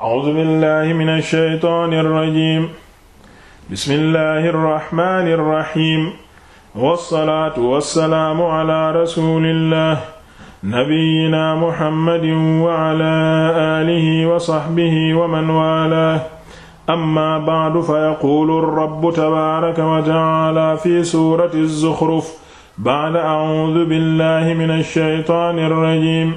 a'uuzu billahi mina shaytaani rajiim bismillahi rahmaani rahiim wassalaatu wassalaamu ala rasulillah nabiyyina muhammadin wa ala alihi wa sahbihi wa man waalaahu amma ba'du fa yaquulu rabbu tabaaraka wa ta'aala fi suurati az-zukhruf ba'da a'uuzu billahi mina shaytaani rajiim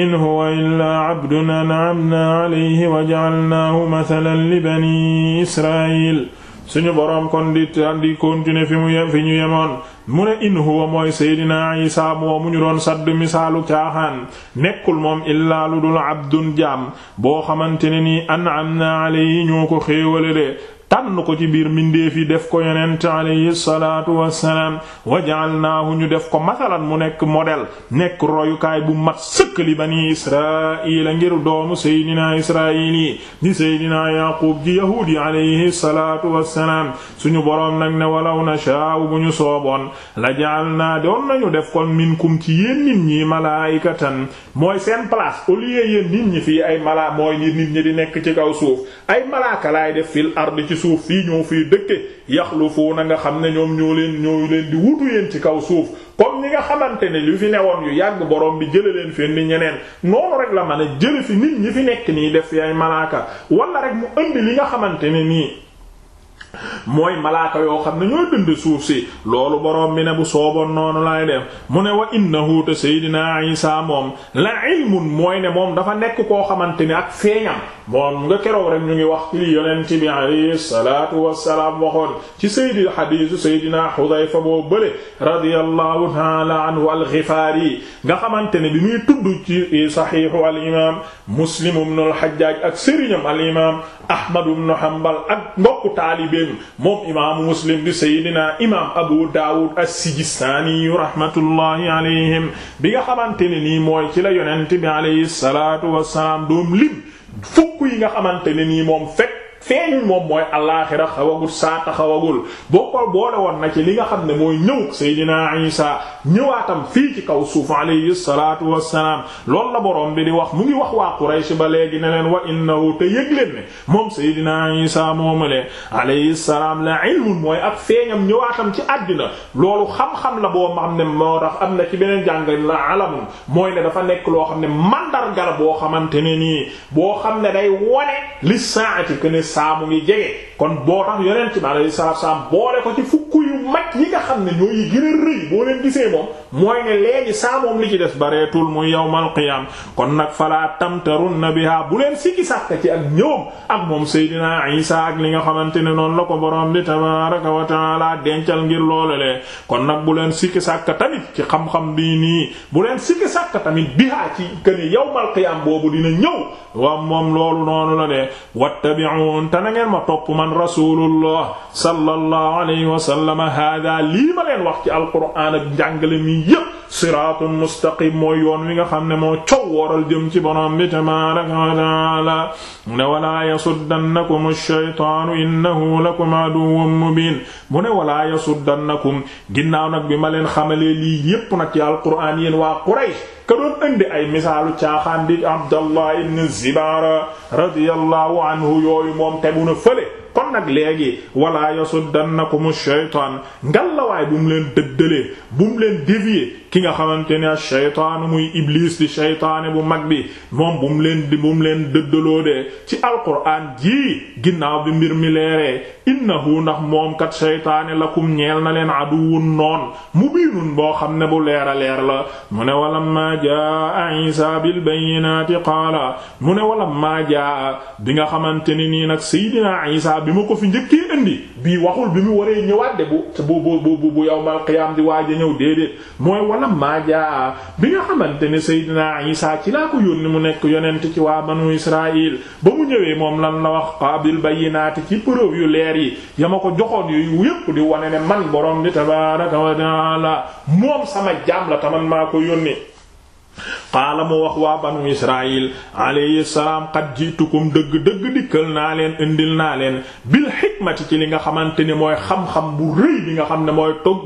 in huwa illaa cabdun an'amnaa alayhi wa li bani israil suñu boroom kon di di continuer fi mu yem fi ñu yemoon mu ne in huwa mooy seydinaa isa moo mu ñu doon sadd misaalu caaxaan nekkul moom illaa lu dul abdun jaam boo xamante ne nii an'amnaa alayhi ñoo ko xéewale de tànn ko ci biir mbindeef yi def ko yonent alayhi salaatu naa waja'alnaahu ñu def ko masalan mu nekk model nekk royukaay bu mat sëkk li bani israila ngir doomu seydinaa israil yi di seydinaa yaqub ji yahuud yi alayhi salaatu suñu boroom nag ne walaw nashaa'u bu ñu sooboon la ja'alnaa doon nañu def kon minkum ci yéen nit ñi malaa'ikatan mooy seen place au lieu yéen nit ñi fii ay mala mooy nit ñi di nekk ci kaw suuf ay malaaka laay def fil ardi ci suuf fii ñoo fiy dëkke na nga xam ne ñoom ñoo leen ñoo leen di wutu yéen ci kaw suuf comme ñi nga xamante ne lu fi newoon yu yàgg boroom bi jële leen fi indi ñeneen noonu rek la man a jële fi nit ñi fi nekk nii def fi ay malaaka wala rek mu indi li nga xamante ne nii mooy malaaka yoo xam ne ñoo dënd suuf si loolu boroom bi ne bu sooboon noonu lay def mu ne wa innahu te seydinaa isa moom la ilmun mooy ne moom dafa nekk koo xamante ni ak feeñam moom nga keroog rek ñu ngi wax li yonent bi alayhi salaatu wassalaam waxoon ci saydi hadiisu seydinaa Xudayfa boo bële radiyallahu taala anhu al-Xifaari nga xamante ne bi muy tudd ci saxiixu al-imaam Muslim ibn al-Hajjaaj ak sëriñam al-imaam Ahmad ibn Hanbal ak mbokku taalibeem moom imaamu muslim di saydina imaam abu daawud as-sijistaani rahmatullahi alayhim bi nga xamante ne nii mooy ci la yonent bi alayhi salaatu wassalaam doom lim fukk yi nga xamante ne nii moom fekk feeñuñ moom mooy alaaxira xawagul saa taxawagul boo ko boole woon na ci li nga xam ne mooy ñëw Seydina Isa ñëwaatam fii ci kaw suuf alayhi salaatu wassalaam loolu la borom bi di wax mu ngi wax waa Quraysh ba léegi ne leen wa innahu te yëg leen ne moom Seydina Isa moomale alayhi salaam la ilmun mooy ak feeñam ñëwaatam ci àddina loolu xam-xam la boo xam ne moo tax am na ci beneen jàngal la alamun mooy ne dafa nekk loo xam ne mandargal boo xamante ne nii boo xam ne day wone li saa mu ngi jege kon boo tax yonent bi alayhi salaatu salaam boole ko ci fukk yu mag yi nga xam ne ñoo yi gën a rëy boo leen gisee moom mooy ne léegi saa moom li ci des bareetul muy yawmal qiyaam kon nag falaa tamtarunna biha bu leen sikki sàkk ci ak ñëwam ak moom Seydina Isa ak li nga xamante ne noonu la ko borom di tabaaraka wa taala dencal ngir loolalee kon nag bu leen sikki sàkk tamit ci xam-xam bii nii bu leen sikki sàkk tamit biha ci gëne yawmal qiyaam boobu dina ñëw waaw moom loolu noonu la de wattabi'un te na ma topp man man rasulullah sallallahu alayhi wa sallam hada lii ma leen wax ci alquran ak njàngale mi yépp siraatun mustaqim mooy yoon wi nga xam ne moo cow waral jëm ci borom bi tabaraka wa taala mu ne walaa yasuddannakum ash-shaytaanu innahu lakum aduwwun mubin mu ne walaa yasuddannakum ginnaaw nag bi ma leen xamalee lii yépp nag ci alquran yéen waa Quraysh ka doon indi ay misaalu caaxaan di Abdallah ibn Zibara radiyallahu anhu yooyu moom tegu na fële kon léegi wala yasuddannakumu shaytaan ngalla waay bu mu leen dëddalee bu mu leen dévier ki nga xamante ne shaytaanu muy iblis di shaytaane bu mag bi moom bu leen di bu mu leen dëddaloo de ci alquran jii ginnaaw bi mbir mi leeree innahu ndax moom kat shaytaane lakum ñeel na leen aduwun noon mubiinun boo xam ne bu leer a leer la mu ne walammaa jaa Isa bil bayyinaati qaala mu ne walammaa jaa bi nga xamante ne nii nag Seydina Isa bi ma ko fi njëkkee indi bii waxul bi mu waree ñëwaat de bu bu bu bu yawmal qiyaam di waaj a ñëw déedéet mooy wala maaja bi nga xamante ne Seydina Isa ci laa ko yónni mu nekk yonent ci waa banu Israël ba mu ñëwee moom lan la wax qaabil bayyinaati ci preuve yu leer yi ya ma ko joxoon yu yëpp di wane ne man borom bi tabaaraka wa taala moom sama jaam la taman maa ko yónni qaala mu wax waa banu israil alayhi salaam qad jiitukum dëgg-dëgg dikkal naa leen indil naa leen bil xikmati ci li nga xamante ne mooy xam-xam bu rëy bi nga xam ne mooy togg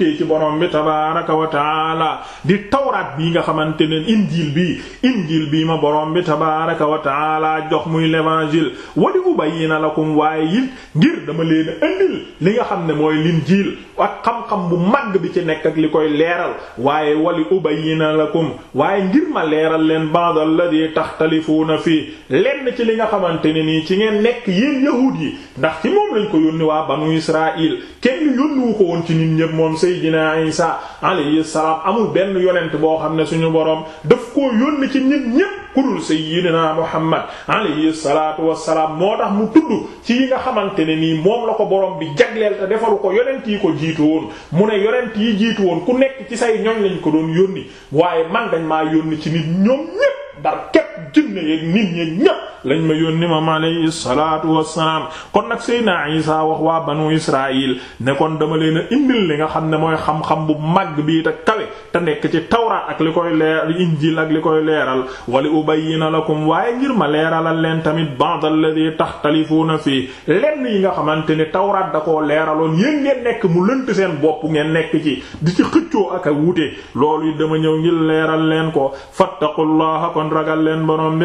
tukkee ci borom bi tabaaraka wa taala di tawraat bii nga xamante ne injiil bii injiil bii ma borom bi tabaaraka wa taala jox muy l'évangile wa li ubayyina lakum waaye it ngir dama leen andil li nga xam ne mooy linjiil ak xam-xam bu màgg bi ci nekk ak li koy leeral waaye wali ubayyina lakum waaye ngir ma leeral leen ba'd tax taxtalifuuna fii lenn ci li nga xamante ne nii ci ngeen nekk yéen yahuud yi ndax ci moom lañ ko yónni waa banu Israaïl kenn Seydina Isa alayhi salaam amul benn yonent boo xam ne suñu boroom daf koo yónni ci nit ñépp ku dul Seydina Muhammad alayhi salaatu wassalaam moo tax mu tudd ci yi nga xamante ne nii moom la ko boroom bi jagleel te defalu ko yonent yi ko jiitu woon mu ne yonent yi jiitu woon ku nekk ci say ñoñ lañ ko doon yónni waaye man dañ maa yónni ci nit ñoom ñépp dar képp jinne yeek nit ñépp lañ ma yónni moom alayhi salaatu wassalaam kon nag Seydina Isa wax waa banu Israil ne kon dama leen a indil li nga xam ne mooy xam-xam bu màgg bii te kawe te nekk ci tawraat ak li koy leer injil ak li koy leeral wali ubayyina lakum waaye ngir ma leeralal leen tamit ba'd tax taxtalifuuna fii lenn yi nga xamante ni tawraat da koo leeraloon yéen ngeen nekk mu lënt seen bopp ngeen nekk ci di ci xëccoo ak a wuute loolu dama ñëw ngir leeral leen ko fattaqullaha kon ragal leen borom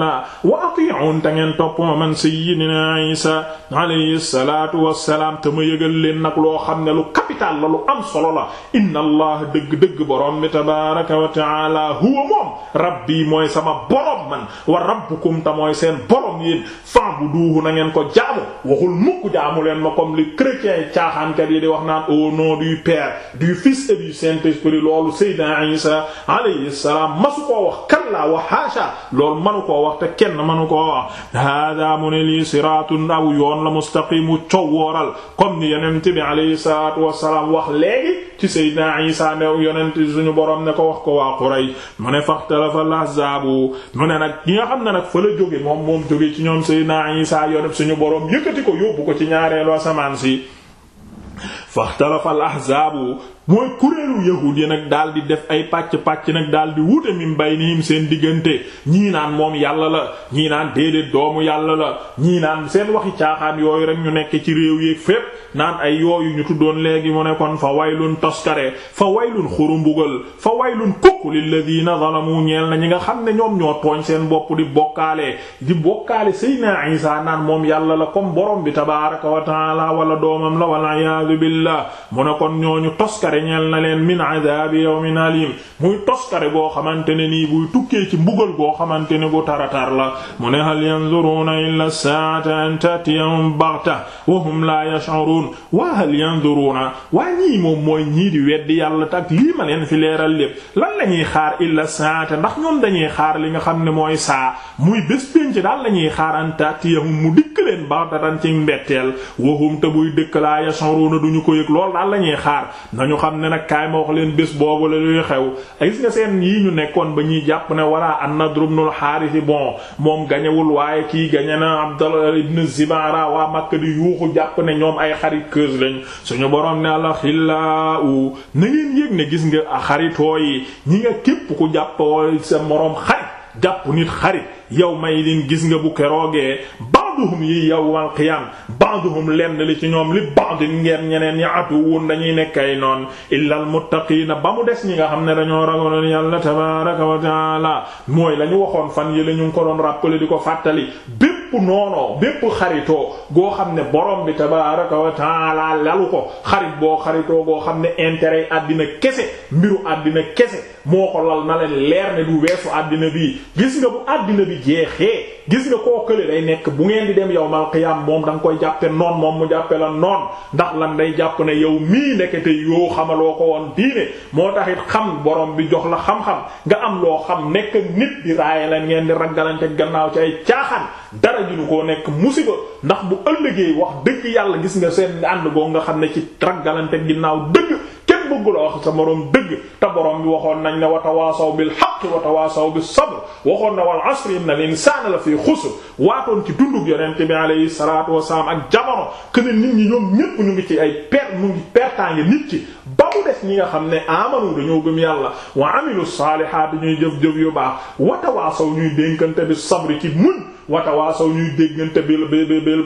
wa ati'un te ngeen topp ma man sayyidina Isa alayhi salaatu wassalaam te ma yëgal leen nag loo xam ne lu capital la lu am solo la inna allah dëgg-dëgg borom bi tabaaraka wa taala huwa moom rabbi mooy sama borom man wa rabbukum te mooy seen borom yéen fa'buduhu na ngeen ko jaamu waxul mukk jaamu leen ma comme li chrétiens yi caaxaankat yi di wax naan au nom du Père du Fils et du Saint-Esprit loolu sayyidina Isa alayhi salaam masu koo wax wa haasha loolu manu koo te kenn mënu koo wax hada mu ne lii siraatun aw yoon la mustaqimu cow wooral comme ni yonent bi alayhi salaatu wassalaam wax léegi ci sayyidina Isa ne yonent suñu borom ne ko wax ko waa Quraysh mu ne faxtalafa al-ahzaabu mu ne nag ki nga xam ne nag fa la jóge moom moom jóge ci ñoom sayyidina Isa yoon suñu borom yëkkati ko yóbbu ko ci ñaareelu asamaan si faxtalafa al ahzaabu mooy kuréelu yahuud yi nag daal di def ay pàcc-pàcc nag daal di wuute min baynihim seen diggante ñii naan moom yàlla la ñii naan déedéet doomu yàlla la ñii naan seen waxi caaxaan yooyu rek ñu nekk ci réew yéeg fépp naan ay yooyu ñu tuddoon léegi mu nekkoon kon fa waylun toskare fa waylun xurumbugal fa waylun kukk lilladina zalamu ñeel na ñi nga xam ne ñoom ñoo tooñ seen bopp di bokkaale di bokkaale sayna Isa naan moom yàlla la comme borom bi tabaaraka rasulillah mu ne kon ñooñu toskare ñeel na leen min adabi yawmin alim muy toskare boo xamante ne nii buy tukkee ci mbugal boo xamante ne bu taratar la mu ne hal yanzuruna illa sa'ata an tatiyahum baghta wa hum la yash'urun wa hal yanzuruna waa ñii moom mooy ñii di weddi yàlla tak lii ma leen fi leeral lépp lan lañuy xaar illa sa'ata ndax ñoom dañuy xaar li nga xam ne mooy saa muy bés pénc daal lañuy xaar an tatiyahum mu dikk leen baghtatan ci ko yëg loolu daal la ñuy xaar nañu xam ne nag kaay ma wax leen bés boobu la luy xew gis nga seen yii ñu nekkoon ba ñuy jàpp ne wala an-Nadr ibn al-Harith bon moom gañewul waaye kii gañe na Abdallah ibn Zibara waa Makka di yuuxu jàpp ne ñoom ay xarit keus lañ suñu borom ne alaxillaa u na ngeen yëg ne gis nga xaritoo yi ñi nga képp ku jàpp sa moroom xarit jàpp nit xarit yow may din gis nga bu keroogee ba'duhum yi yawmal qiyaam ba'duhum lenn li ci ñoom li ba'din ngeen ñeneen ñi aduwwun dañuy nekk ay noon illal muttaqiina ba mu des ñi nga xam ne dañoo ragaloon yàlla tabaaraka wa taala mooy la ñu waxoon fan yi la ñu ngi ko doon rappelé di ko fàttali bépp noonoo bépp xaritoo goo xam ne borom bi tabaaraka wa taala lalu ko xarit boo xaritoo goo xam ne intérêt yi àddina kese mbiru àddina kese moo ko lal na leen leer ne du weesu àddina bi gis nga bu àddina bi jeexee gis nga koo kële day nekk bu ngeen di dem yawmal qiyaam moom danga koy jàppe noon moom mu jàppe la noon ndax lan day jàpp ne yow mii nekkete yoo xamaloo ko woon diine moo taxit xam borom bi jox la xam-xam nga am loo xam nekk nit di raaya leen ngeen di raggalante gannaaw ci ay caaxaan dara ju ñu koo nekk musiba ndax bu ëllëgee wax dëgg yàlla gis nga seen ànd boo nga xam ne ci raggalante ginnaaw dëgg kenn bëggula wax sa moroom dëgg te borom bi waxoon nañ ne wa tawaasaw bil haqq wa tawaasaw bis sabr waxoon na wal asri inna li insaana la fii xusr waatoon ci dundug yonent bi alayhi salaatu wasalaam ak jamono ne nit ñi ñoom ñépp ñu ngi ci ay per mu ngi pertaange nit ci ba mu des ñi nga xam ne amanu dañoo gëm yàlla wa amilu saalihaat ñuy jëf jëf yu baax wa tawaasaw ñuy watawaasaw ñuy déggante bil bil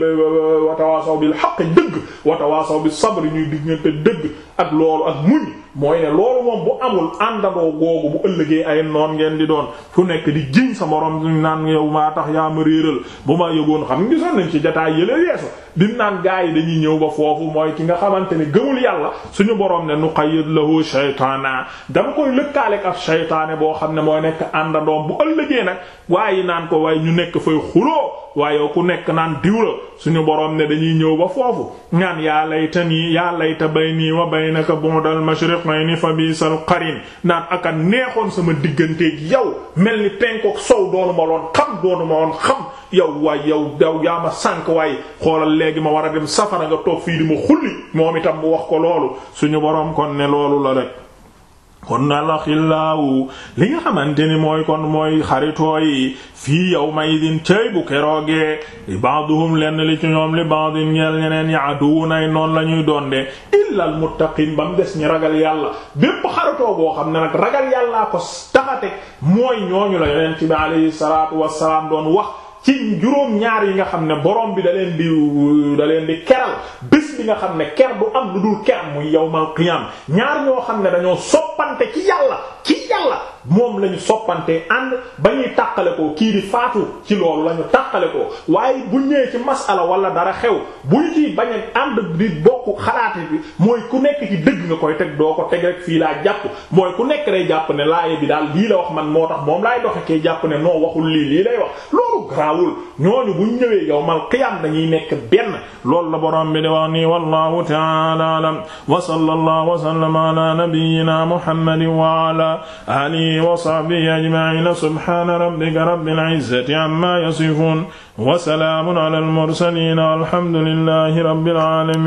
watawaasaw bil xaq dëgg watawaasaw bi sabr ñuy diggante dëgg ak loolu ak muñ mooy ne loolu moom bu amul àndandoo googu bu ëllëgee ay noon ngeen di doon fu nekk di jiñ sa morom ñu naan yow maa tax yaa ma réeral bu ma yëgoon xam nga gisoon nañ di naan gaa yi dañuy ñëw ba foofu mooy ki nga xamante ne gëmul yàlla suñu borom ne nuqayyid lahu shaytaana dama koy lëkkaaleeg ak shaytaane boo xam ne mooy nekk àndandoom bu ëllëgee nag waaye naan ko waaye ñu nekk fay xuloo ku nekk naan diw suñu borom ne dañuy ñëw ba foofu shaqmayni fa biisal qarin naan aka neexoon sama digganteeg yow mel ni penkook sow doonu ma loon xam doonu ma xam yow waay yow yaa ma sànq waaye xoolal léegi ma war a dem safara nga toog fii di ma xulli moom itam mu wax ko loolu suñu boroom ko ne loolu la rek kon alaxillaawu li nga xamante ni mooy kon mooy xaritoo yi fii yawma idin cëy bu keroogee li baaduhum lenn li ci ñoom li baadin ñeel ñeneen ñi aduwunay noonu la ñuy doon de illal muttaqiin ba mu des ñi ragal yàlla bépp xaritoo boo xam ne ragal yàllaa ko taxate mooy ñooñu la yonent bi alayhi salaatu wassalaam doon wax ci juróom ñaar yi nga xam ne boroom bi da leen di da leen di keral bés bi nga xam ne ker bu am lu dul ker muy yawmal qiyaam ñaar ñoo xam ne dañoo soppante ci yàlla ci yàlla moom lañu soppante ànd ba ñuy tàqale ko kii di faatu ci loolu la ñu tàqale ko waaye bu ñëwee ci masala wala dara xew buñ ci bañ a ànd di bokk xalaate bi mooy ku nekk ci dëgg nga koy teg doo ko teg fii laa jàpp mooy ku nekk day jàpp ne laaye bi daal lii la wax man moo tax moom laay doxe kee jàpp ne noo waxul lii lii lay wax loolu garaawul ñooñu buñ ñëwee yawmal qiyaam dañuy nekk benn loolu la borom bi di wax nii wallahu ta'ala alam wa sallallahu wa sallama ala nabiyyina muhammadin wa ala alihi wa sahbihi ajma'in subhana rabbika rabbil izzati amma yasifun wa salamun ala al mursalin walhamdulillahi rabbil alamin